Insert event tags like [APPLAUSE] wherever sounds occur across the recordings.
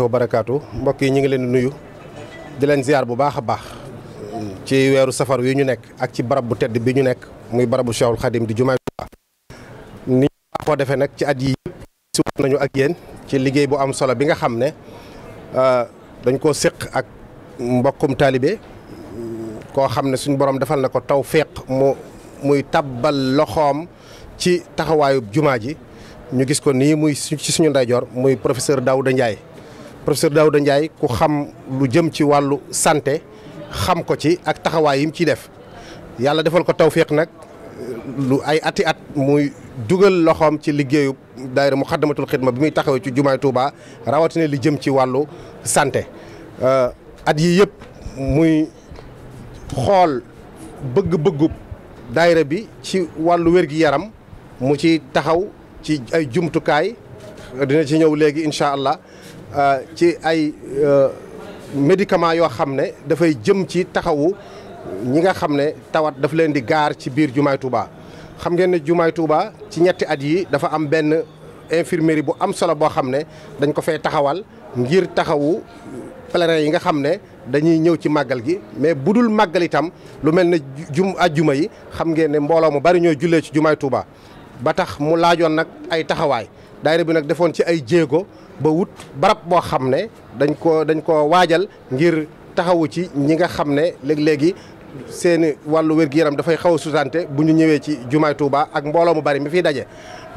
wa barakaatu mbokk yi ñu ngi leen di nuyu di leen ziar bu baax a baax ci weeru safar wi ñu nekk ak ci barab bu tedd bi ñu nekk muy barabu Cheikhul Khadim di jumaa Tuubaa ni ñu ko defee nag ci at yi yëpp nañu ak yéen ci liggéey bu am solo bi nga xam ne euh, dañ koo séq ak mbokkum taalibe koo xam ne suñu borom defal na ko taw tawféq mu muy tabbal loxoom ci taxawaayu jumaa ji ñu gis ko nii muy ci suñu ndeyjoor muy professeur Daouda Ndiaye professeur Daouda Ndiaye ku xam lu jëm ci wàllu santé xam ko ci ak taxawaay yi mu ciy def yàlla defal ko tawféex nag euh, lu ay ati at muy dugal loxoom ci liggéeyu daayira Muxaddamatul Xidma bi muy taxawee ci jumaay Touba rawatina li jëm ci wàllu santé euh, at yi yëpp muy xool bëgg-bëggub daayira bi ci wàllu wér-gi-yaram mu ci taxaw ci ay jumtukaay dina ci ñëw léegi incha allah Euh, ci ay euh, médicament yoo xam ne dafay jëm ci taxawu ñi nga xam ne tawat daf leen di gaar ci biir Jumaay Touba. xam ngeen ne Jumaay Touba ci ñetti at yi dafa am benn infirmerie bu am solo boo xam ne dañ ko fay taxawal ngir taxawu pèlerins yi nga xam ne dañuy ñëw ci màggal gi mais bu dul màggal itam lu mel ne jum juma yi xam ngeen ne mbooloo mu bari ñoo jullee ci Jumaay Touba. ba tax mu laajoon nag ay taxawaay daayira bi nag defoon ci ay jéego. ba wut barab boo xam ne dañ ko dañ ko waajal ngir taxawu ci ñi nga xam ne léeg-léegi seen wàllu wér-gu-yaram dafay xaw a bu ñu ñëwee ci jumaay Touba ak mbooloo mu bari mi fi daje.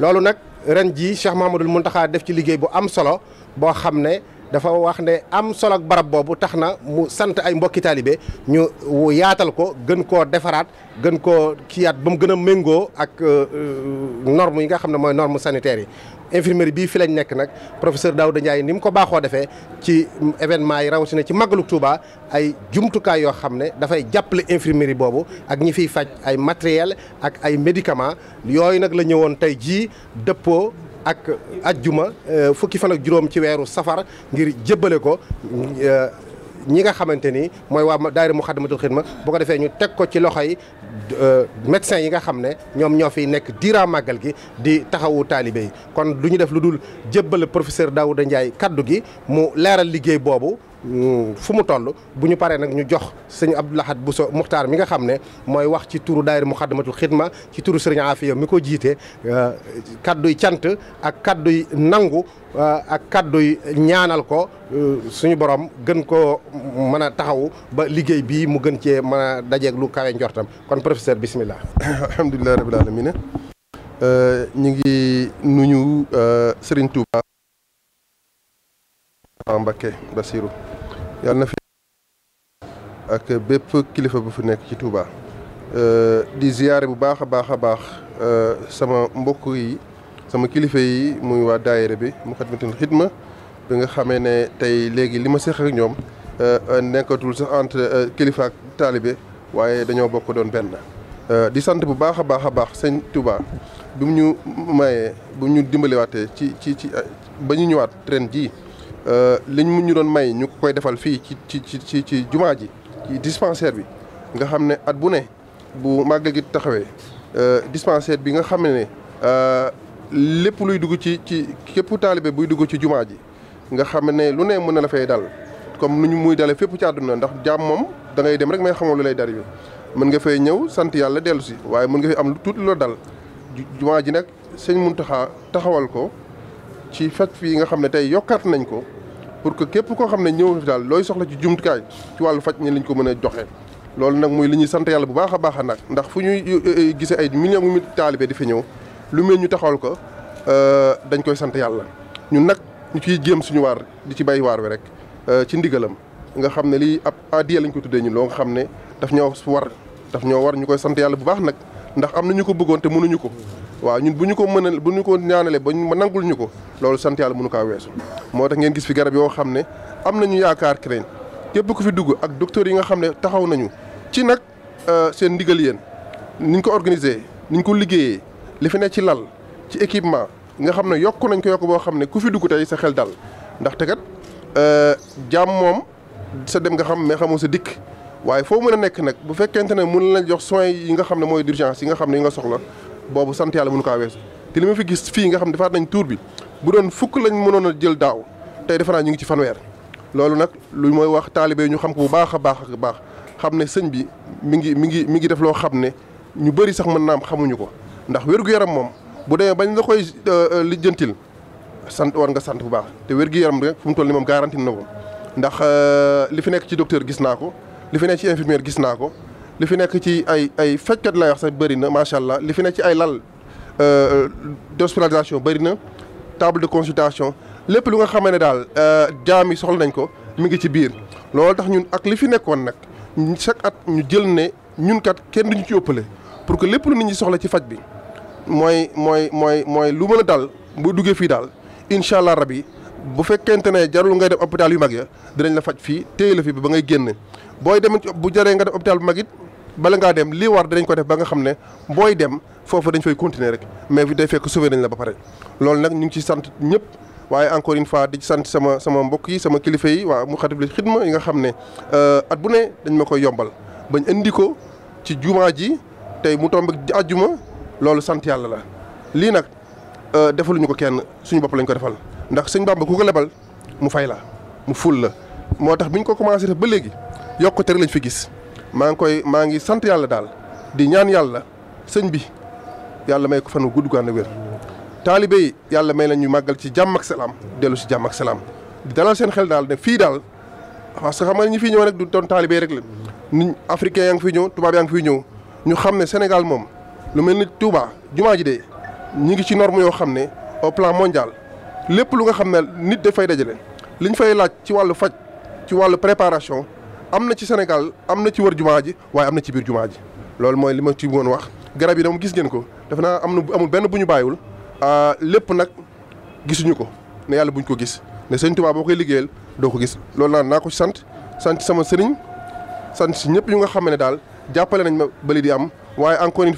loolu nag ren jii Cheikh Mahamadul Muntaxa def ci liggéey bu am solo boo xam ne dafa wax ne am solo barab boobu tax na mu sant ay mbokki taalibe ñu yaatal ko gën koo defaraat gën koo kiyaat ba mu gën a méngoo ak euh, euh, norme yi nga xam ne mooy norme sanitaire yi. infirmerie bii fi lañ nekk nag professeur Daouda Ndiaye ni mu ko baaxoo defee ci événement yi rawatina ci màggalu Touba ay jumtukaay yoo xam ne dafay jàppale infirmerie boobu ak ñi fiy faj ay matériel ak ay médicament yooyu nag la woon tey jii dëppoo ak ajjuma euh, fukki fan ak juróom ci weeru safar ngir jébbale ko euh, ñi nga xamante ni mooy waa daayira Muxaddamatul ma boo ko defee ñu teg ko ci loxo yi euh, médecins yi nga xam ne ñoom ñoo fiy nekk diira màggal gi di taxawu taalibe yi kon du ñu def lu dul jébbal professeur Daouda Ndiaye kaddu gi mu leeral liggéey boobu Hmm, fu mu toll bu ñu paree nag ñu jox sëñ Abdou Lahad Bousso Muxtaar mi nga xam ne mooy wax ci turu daayira Muxaddamatul Xidma ci turu sëriñ Afiya mi ko jiite euh, kadduy cant ak kadduy nangu euh, ak kadduy ñaanal ko euh, suñu borom gën ko mën a taxawu ba liggéey bii mu gën cee mën a dajeeg lu kawe njortam kon professeur bismillah [COUGHS] alhamdulilah rabbil alamin ñu ngi nuyu Serigne Touba Mbacké Bassirou yàlla na fi ak bépp kilifa bu fi nekk ci Touba. Euh, di ziyaare bu baax a baax a baax euh, sama mbokk yi sama kilifa yi muy waa daayira bi Moukhaddamatoul Khidma bi nga xamee ne tey léegi li ma seq ak ñoom euh, nekkatul sa entre kilifa ak taalibe waaye dañoo bokk doon benn. di sant bu baax a baax a baax sëñ Touba bi mu ñu mayee bi mu ñu dimbaliwaatee ci ci ci ba ñu ñëwaat ren ji Euh, liñ mu ñu doon may ñu ko koy defal fii ci ci ci ci ci jumaa ji ci dispensaire bi nga xam ne at bu ne bu màggal gi taxawee euh, dispensaire bi nga xam ne euh, lépp luy dugg ci ci képp taalibe buy dugg ci jumaa ji nga xam ne lu ne mën na la fay dal comme nu ñu muy dalee fépp ci àdduna ndax jàmm moom da ngay dem rek may xamoo lu lay dari bi mën nga fay ñëw sant yàlla dellu si waaye mën nga fi am lu tuuti loo dal jumaa ji nag sëñ Muntaxa taxawal ko ci fekk fii nga xam ne tey yokkaat nañ ko pour que képp koo xam ne ñëw daal looy soxla ci jumtukaay ci wàllu faj ñi lañ ko mën a joxe. loolu nag muy li ñuy sant yàlla bu baax a baax a nag ndax fu ñuy eh, eh, gisee ay millions mu taalibe di fi ñëw lu mel ñu taxawal ko eh, dañ koy sant yàlla ñun nag ñu ciy jéem suñu waar di ci bay waar wi rek ci ndigalam nga xam ne lii ab adiya lañ ko tuddee ñi loo nga xam ne daf ñoo war daf ñoo war ñu koy sant yàlla bu baax nag ndax am na ñu ko bëggoon te mënuñu ko. waaw ñun bu ñu ko mënal bu ñu ko ñaanalee ba ñu nangul ñu ko loolu sant yàlla mënu kaa weesu moo tax ngeen gis fi garab yoo xam ne am na ñu yaakaar CREC képp ku fi dugg ak docteur yi nga xam ne taxaw nañu ci nag euh, seen ndigal yéen niñ ko organisé niñ ko liggéeyee li fi ne ci lal ci équipement nga xam ne yokk nañ ko yokk boo xam ne ku fi dugg tey sa xel dal ndaxte kat euh, jaam moom sa dem nga xam mais xamoo sa dikk waaye foo mën a nekk nag bu fekkente ne mën la jox soins yi nga xam ne mooy d'urgence yi nga xam ne yi nga soxla boobu sant yàlla mënu kaa weesu te li ma fi gis fii nga xam ne defaat nañ tour bi bu doon fukk lañ mënoon jël daaw te defe naa ñu ngi ci fanweer loolu nag lu mooy wax taalibe ñu xam ko bu baax a baax ak baax xam ne sëñ bi mi ngi mi ngi mi ngi def loo xam ne ñu bëri sax mën naam xamuñu ko ndax wér yaram moom bu demee bañ la koy euh, lijjantil sant war nga sant bu baax te wér-gu-yaram rek fu mu toll ni moom garanti na ko ndax euh, li fi nekk ci docteur gis naa ko li fi nekk ci gis naa ko li fi nekk ci ay ay fajkat lay wax sax bëri na macha allah li fi nekk ci ay lal euh, d'hospitalisation bëri na table de consultation lépp lu nga xamee ne daal euh, jaam yi soxla nañ ko mi ngi ci biir loolu tax ñun ak li fi nekkoon nag chaque at ñu jël ne ñun kat kenn duñu ci ëppale pour que lépp lu nit ñi soxla ci faj bi mooy mooy mooy mooy lu mën a daal bu duggee fii daal incha allah rab yi bu fekkente ne jarul ngay dem hôpital yu mag ya dinañ la faj fii téye la fi ba ngay génn booy dem bu jaree nga dem hôpital bala ngaa dem lii war dinañ ko def ba nga xam ne booy dem foofu dañ fay continuer rek mais day fekk sauvé nañ la ba pare. loolu nag ñu ngi ci sant ñëpp waaye encore une fois di sant sama sama mbokk yi sama kilifa yi waa mu xatif li xidma yi nga xam ne euh, at bu ne dañ ma koy yombal bañ indi ko ci jumaa ji tey mu tombe àjjuma loolu sant yàlla la lii nag euh, defaluñu ko kenn suñu bopp lañ ko defal ndax sëñ Bàmba ku ko lebal mu fay la mu ful la moo tax bi ñu ko commencé def ba léegi yokkute rek fi gis. maa ngi koy maa ngi sant yàlla daal di ñaan yàlla sëñ bi yàlla may ko fan wu gudd gu ànd wér. taalibe yi yàlla may la ñu màggal ci jàmm ak salaam dellu si jàmm ak salaam di dalal seen xel daal ne fii daal parce que xam nga ñi fi ñëw rek du doon taalibe rek la. nit africain yaa ngi fiy ñëw tubaab yaa ngi fiy ñëw ñu xam ne Sénégal moom lu mel ni Touba jumaa ji de ñu ngi ci norme yoo xam ne au plan mondial lépp lu nga xam ne nit dafay dajale liñ fay laaj ci wàllu faj ci wàllu préparation. am na ci Sénégal am na ci war jumaa ji waaye am na ci biir jumaa ji loolu mooy li ma ci woon wax garab yi dama gis ngeen ko def naa am na amul benn bu ñu bàyyiwul ah, lépp nag gisuñu ko ne yàlla buñ ko gis ne sëñ Tuubaa boo koy liggéeyal doo ko gis loolu naan naa ko sant sant sama sëriñ sant si ñëpp ñu nga xam ne daal jàppale nañ ma bëli am waaye encore une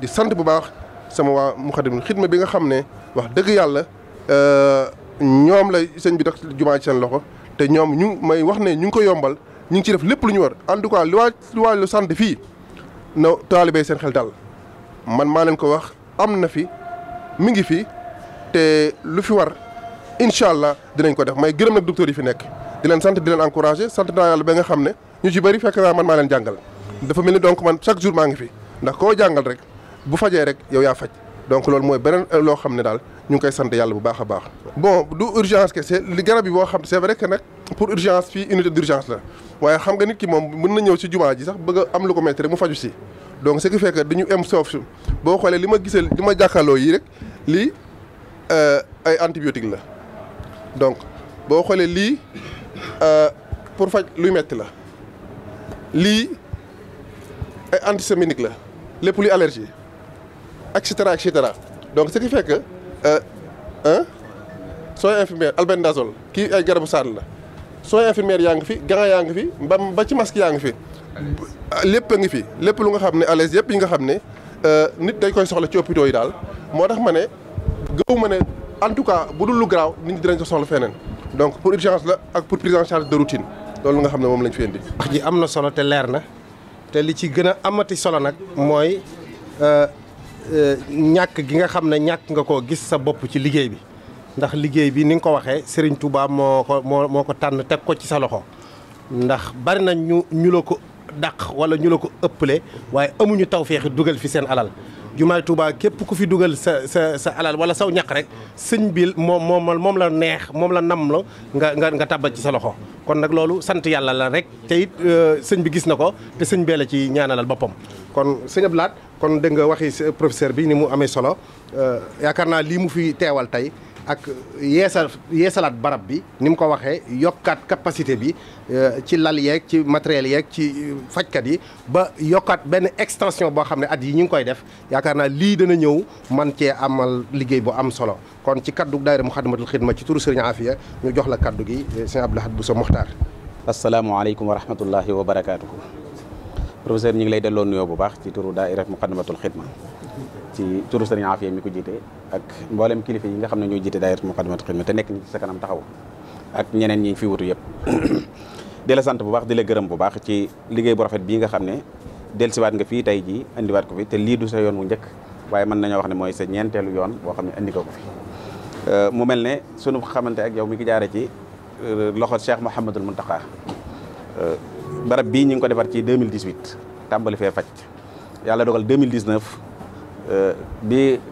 di sant bu baax sama waa Moukhaddamatoul Khidma bi nga xam ne wax dëgg yàlla euh, ñoom la sëñ bi tax jumaa ci seen loxo te ñoom ñu may wax ne ñu ngi ko yombal ñu ngi ciy def lépp lu ñu war en tout cas lu waa lu waa lu sant fii na taalibe seen xel daal man maa leen ko wax am na fi mi ngi fi te lu fi war incha allah dinañ ko def may gërëm nag docteur yi fi nekk di leen sant di leen encouragé sant naa yàlla ba nga xam ne ñu ci bëri fekk naa man maa leen jàngal dafa mel ni donc man chaque jour maa ngi fi ndax koo jàngal rek bu fajee rek yow yaa faj donc loolu mooy beneen euh, loo xam ne daal ñu ngi koy sant yàlla bu baax a baax. bon du urgence kese li garab yi boo xam c'est vrai que pour urgence fii unité d'urgence la waaye xam nga nit ki moom mën na ñëw ci jumaa ji sax bëgg am lu ko metti rek mu faju si donc ce qui fait que dañu em soof boo xoolee li ma gisal li ma jàkkaarloo yi rek lii euh, ay antibiotique la donc boo xoolee lii euh, pour faj luy metti la lii ay antisémitique la lépp luy allergie et cetera et donc ce qui fait que un euh, sooy kii ay garabu saan la soo infirmière yaa ngi fi gants yaa ngi fi ba ba yaa ngi fi. lépp a fi lépp lu nga xam ne à l'aise yëpp yi nga xam ne euh, nit dañ koy soxla ci hôpitaux yi daal moo tax ma ne gëw ma ne en tout cas bu dul lu garaaw nit ñi dinañ soxla feneen donc pour urgence la ak pour prise en charge de routine loolu nga xam ne moom lañ fi bi wax ji am na solo te leer na te li ci gën a amati solo nag mooy euh, euh, ñàkk gi nga xam ne ñàkk nga koo gis sa bopp ci liggéey bi. ndax liggéey bi ni nga ko waxee Serigne Touba moo ko moo moo ko tànn teg ko ci sa loxo ndax bari na ñu ñu la ko dàq wala ñu la ko ëppale waaye amuñu tawféexi dugal fi seen alal jumaay Touba képp ku fi dugal sa sa sa alal wala saw ñaq rek sëñ bi moom moom moom la neex moom la nam la nga nga nga tàbbal ci sa loxo kon nag loolu sant yàlla la rek te it euh, sëñ bi gis na ko te sëñ bee la ci ñaanalal boppam kon sëñ Abdou kon dégg nga waxi professeur bi ni mu amee solo euh, yaakaar naa lii mu fi teewal tey ak yeesal yeesalaat barab bi ni mu ko waxee yokkaat capacité bi euh, ci lal yeeg ci matériel yeeg ci euh, fajkat yi ba yokkaat benn extension boo xam ne at yi ñu ngi koy def yaakaar naa lii dana ñëw man cee amal liggéey bu am solo kon ci kaddu daayira Muxaddamatul Xidma ci turu Sëriñ Afiya ñu jox la kaddu gi euh, sëñ Abdou Lahad Bousso Mokhtar. asalaamaaleykum wa rahmatullahi wa barakaatuhu. professeur ñu ngi lay delloo nuyoo bu baax ci turu daayira Muxaddamatul Xidma. ci turu sëriñ Afia mi ko jiite ak mboolem kilifa yi nga xam ne ñoo jiite daayira Moukhaddamatoul Khidma te nekk ñi ci sa kanam taxaw ak ñeneen ñi fi wutu yëpp [COUGHS] di la sant bu baax di la gërëm bu baax ci liggéey bu rafet bii nga xam ne siwaat nga fii tey jii indiwaat ko fi te lii du sa yoon wu njëkk waaye mën nañoo wax ne mooy sa ñeenteelu yoon boo xam ne indi ko ko fi euh, mu mel ne sunu xamante ak yow mi ngi jaare ci euh, loxo Cheikh Mouhamadul Mountakha euh, barab bii ñu ngi ko defar ci 2018 tàmbali fee faj yàlla dogal 2019 Euh, bi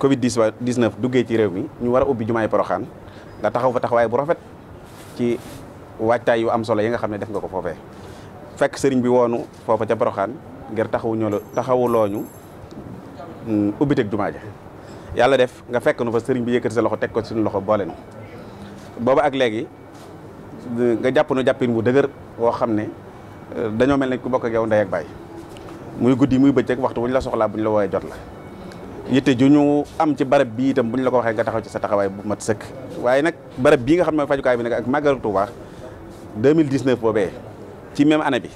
Covid 19 duggee ci réew mi ñu war a ubbi jumaay Poroxaan nga taxaw fa taxawaay bu rafet ci waajtaay yu am solo yi nga xam ne def nga ko foofee fekk sëriñ bi woonu foofa ca Poroxaan ngir taxawu ñoo taxawuloo ñu mm, ubbiteeg jumaa ja yàlla def nga fekk nu fa sëriñ bi yëkkati sa loxo teg ko suñu loxo boole nu booba ak léegi nga jàpp nu jàppin bu dëgër woo xam ne euh, dañoo mel ne ku bokk ak yow ndey baay muy guddi muy bëccëg waxtu wu ñu la soxlaa bu ñu la woowee jot la yitte ju ñu am ci barab bi itam bu ñu la ko waxee nga taxaw ci sa taxawaay bu mat sëkk waaye nag barab bi nga xam ne fajukaay bi nag ak màggalu Tuubaa 2019 boobee ci même année bi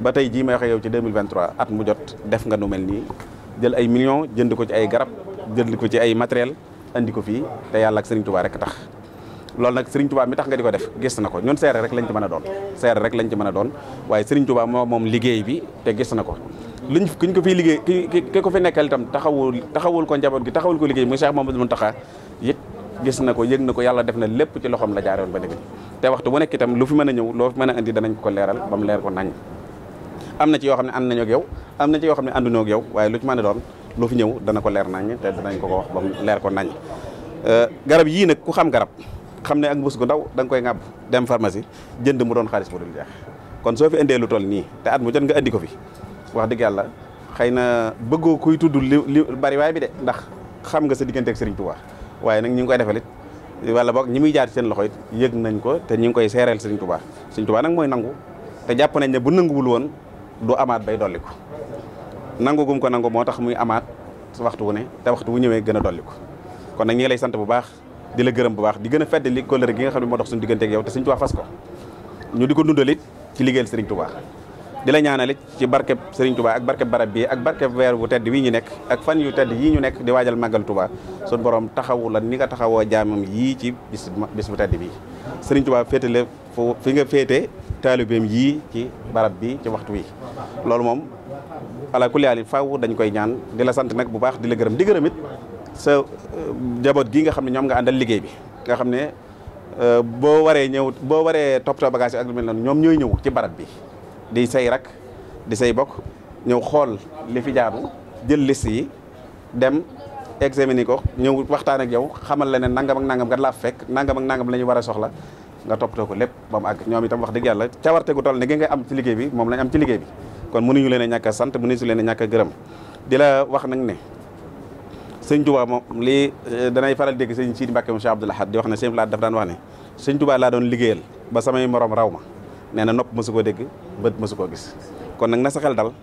ba tey jii may waxee yow ci 2023 at mu jot def nga nu mel nii jël ay millions jënd ko ci ay garab jënd ko ci ay matériel andi ko fii te yàlla ak Sëriñ Tuubaa rek tax loolu nag Serigne Touba mi tax nga di ko def gis na ko ñun seere rek lañ ci mën a doon seere rek lañ ci mën a doon waaye Serigne Touba moo moom liggéey bi te gis na ko luñ kuñ ko fiy liggéey ki ki ko fi nekkal itam taxawul taxawul ko njaboot gi taxawul ko liggéey muy Cheikh Mamadou Mountakha it gis na ko yëg na ko yàlla def na lépp ci loxoom la jaaroon ba dëgg te waxtu bu nekk itam lu fi mën a ñëw loo fi mën a indi danañ ko leeral ba mu leer ko nañ am na ci yoo xam ne ànd nañoo yow am na ci yoo xam ne àndunoo ak yow waaye lu mën a doon lu fi ñëw dana ko leer nañ te danañ ko ko wax ba mu leer euh, garab yii nag ku xam garab xam ne ak mbus gu ndaw danga koy ŋàbb dem pharmacie jënd mu doon xaalis bu dul jeex kon soo fi indee lu toll nii te at mu jot nga andi ko fi wax dëgg yàlla xëy na bëggoo kuy tudd li li bari waay bi de ndax xam nga sa diggante ak Serigne Touba waaye nag ñu ngi koy defal it wala boog ñi muy jaar seen loxo it yëg nañ ko te ñu ngi koy seereel Serigne Touba Serigne Touba nag mooy nangu te jàpp nañ ne bu nanguwul woon du amaat bay dolli ko nangu gum ko nangu moo tax muy amaat waxtu wu ne te waxtu wu ñëwee gën a dolli ko kon nag ñu lay sant bu baax di la gërëm bu baax di gën a fedd li kóllëre gi nga xam ne moo dox suñu diggante te Sëriñ Tuubaa fas ko ñu di ko dundalit ci liggéeyal Sëriñ tubaa di la ñaanalit ci barkeb Sëriñ tubaa ak barkeb barab bi ak barkeb weer bu tedd wi ñu nekk ak fan yu tedd yii ñu nekk di waajal màggal Tuubaa suñu borom taxawu la ni nga taxawoo jaamam yii ci bis bis bu tedd bi Sëriñ Tuubaa féetale fu fi nga féete taalibeem yii ci barab bi ci waxtu wi loolu moom ala kulli haal dañ koy ñaan di la sant nag bu baax di la gërëm di gërëm it sa euh, jaboot gi nga xam ne ñoom nga àndal liggéey bi nga xam ne euh, boo waree ñëw boo waree toppatoo bagage ak lu mel noonu ñoom ñooy ñëw ci barab bi di say rak di say bokk ñëw xool li fi jaadu jël liste yi dem examiner ko ñëw waxtaan ak yow xamal la nangam ak nangam kat laa fekk nangam ak nangam la ñu war a soxla nga topp ko lépp ba mu ñoom ñoom itam wax dëgg yàlla cawarte gu toll ne gi nga am ci liggéey bi moom lañ am ci liggéey bi kon ñu leen a sant a sant mënuñu leen ñàkk a gërëm di la wax nag ne sëñ Touba moom lii eh, danay faral dégg sëñ Sidi Mbacke Cheikh Abdoul Ahad di wax ne sëñ Laat dafa daan wax ne sëñ Touba laa doon liggéeyal ba samay morom raw ma nee na nopp mësu koo dégg bët masukoo koo gis kon nag na sa xel dal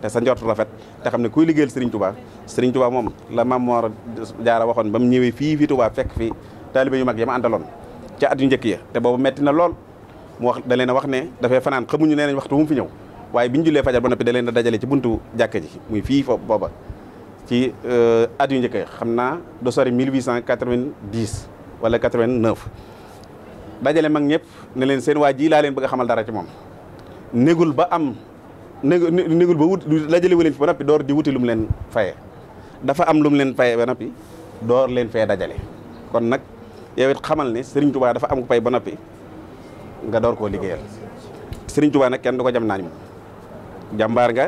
te sa njortu rafet te xam ne kuy liggéeyal Serigne tubaa Serigne Touba moom la Mame Mor Diarra waxoon ba mu ñëwee fii fii Touba fekk fi taalibe yu mag ya ma àndaloon ca at yu njëkk ya te boobu metti na lool mu wax da leen a wax ne dafay fanaan xamuñu nee nañ waxtu mu fi ñëw waaye bi ñu jullee fajar ba noppi da a dajale ci buntu jàkka ji muy fii foofu booba ci euh, at yu njëkk xam naa do sori 1890 wala 89 dajale mag ñëpp ne leen seen waa ji laa leen bëgg a xamal dara ci moom négul ba am négul ba wut dajale wu leen fi ba noppi door di wuti lu mu leen faye dafa am lu mu leen faye ba noppi door leen fee dajale kon nag yow it xamal ne Serigne Touba dafa am ko pay ba noppi nga door koo liggéeyal Serigne Touba nag kenn du ko jam naañ moom jàmbaar nga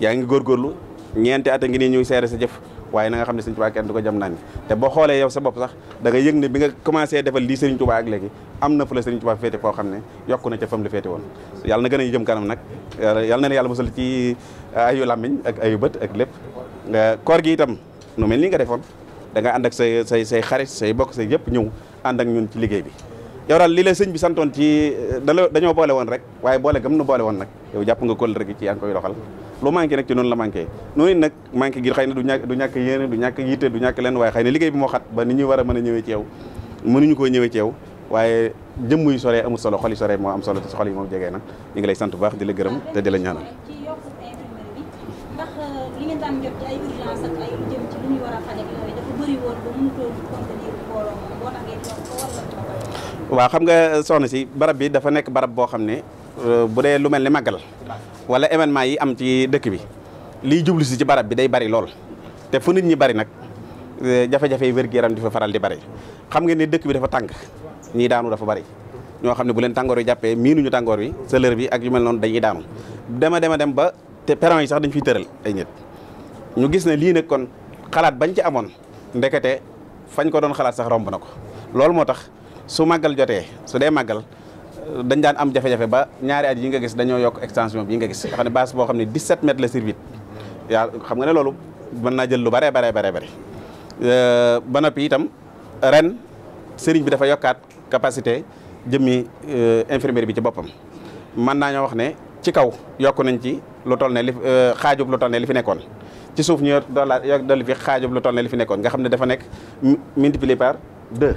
yaa ngi góorgóorlu ñeenti at a ngi nii ñuy seere sa jëf waaye na xam ne sëñ Tuubaa kenn du ko jam naan te boo xoolee yow sa bopp sax danga nga yëg ne bi nga commencé defal lii sëriñ Tuubaa ak léegi am na fu la sëriñ Tuubaa féete foo xam ne yokku na ca fam la féete woon yàlla na gën a jëm kanam nag yàlla na ne ci ayu làmmiñ ak ayu bët ak lépp nga koor gi itam nu mel nii nga defoon da ànd ak say say say xarit say bokk say yëpp ñëw ànd ak ñun ci liggéey bi yow daal lii la sëñ bi santoon ci euh, dañoo boole woon rek waaye boole gam nu boole woon nag yow jàpp nga kóllëre gi ci yaa ngi koy doxal lu manqué nag ci noonu la manqué noonu nag manqué gi xëy na du ñàkk du ñàkk yéene du ñàkk yitte du ñàkk leen waaye xëy na liggéey bi moo xat ba ni ñuy war a mën a ñëwee ci yow mënuñu koo ñëwee ci yow waaye jëmm yu soree amul solo xol yi moo am solo te xol moom jegee na ñu ngi lay sant bu baax di la gërëm te di waa xam nga euh, soxna si barab bi dafa nekk barab boo xam ne euh, bu dee lu mel ni màggal wala événement yi am ci dëkk bi lii jublu si ci barab bi day bari lool te fu nit ñi bari nag euh, jafe-jafe wér-gu-yaram di fa faral di bari xam nga ne dëkk bi dafa tàng ñii daanu dafa bari ñoo xam ne bu leen tàngoor wi jàppee ñu tàngoor wi chaleur bi ak yu mel noonu dañuy daanu dema dema dem ba te perron yi sax dañ fiy tëral ay nit ñu gis ne lii nag kon xalaat bañ ci amoon ndekete fañ ko doon xalaat sax romb na ko loolu moo tax su màggal jotee su dee màggal dañ daan am jafe-jafe ba ñaari at yi nga gis dañoo yokk extension bi yi nga gis nga xam ne bâche boo xam ne 17 mètres la servite xam nga ne loolu mën naa jël lu bare bare bare euh, noppi itam ren sëriñ bi dafa yokkaat capacité jëmmi euh, infirmière bi ci boppam mën naa ñoo wax ne ci kaw yokk nañ ci lu toll ne li euh, xaajub lu toll ne li fi nekkoon ci suuf ñu dolla dolli fi xaajub lu toll li fi nekkoon nga xam ne dafa nekk minti par deux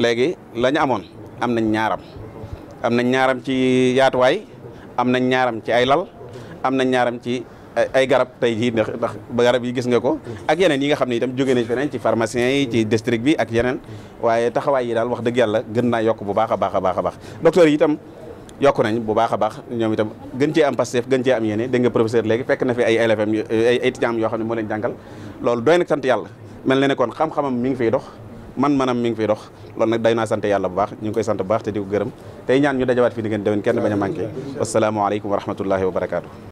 léegi la amoon am nañ ñaaram am nañ ñaaram ci yaatuwaay am nañ ñaaram ci ay lal am nañ ñaaram ci ay garab tey jii ndax ndax garab yi gis nga ko ak yeneen yi nga xam ne itam jóge nañ feneen ci pharmacien yi ci district bi ak yeneen waaye taxawaay yi daal wax dëgg yàlla gën naa yokk bu baax a baax a baax a baax docteur yi itam yokk nañ bu baax a baax ñoom itam gën cee am pastef gën cee am yéene dégg nga professeur léegi fekk na fi ay élèves am ay étudiants yoo xam ne moo leen jàngal loolu doy nag sant yàlla mel na ne kon xam mi ngi fiy dox man manam mi ngi fiy dox loolu nag day naa sant yàlla bu baax ñu ngi koy sant bu baax te di ko gërëm tey ñaan ñu dajawaat fii di ngeen déwén kenn bañ a manqué wasalaamaaleykum wa rahmatullahi wa barakaatu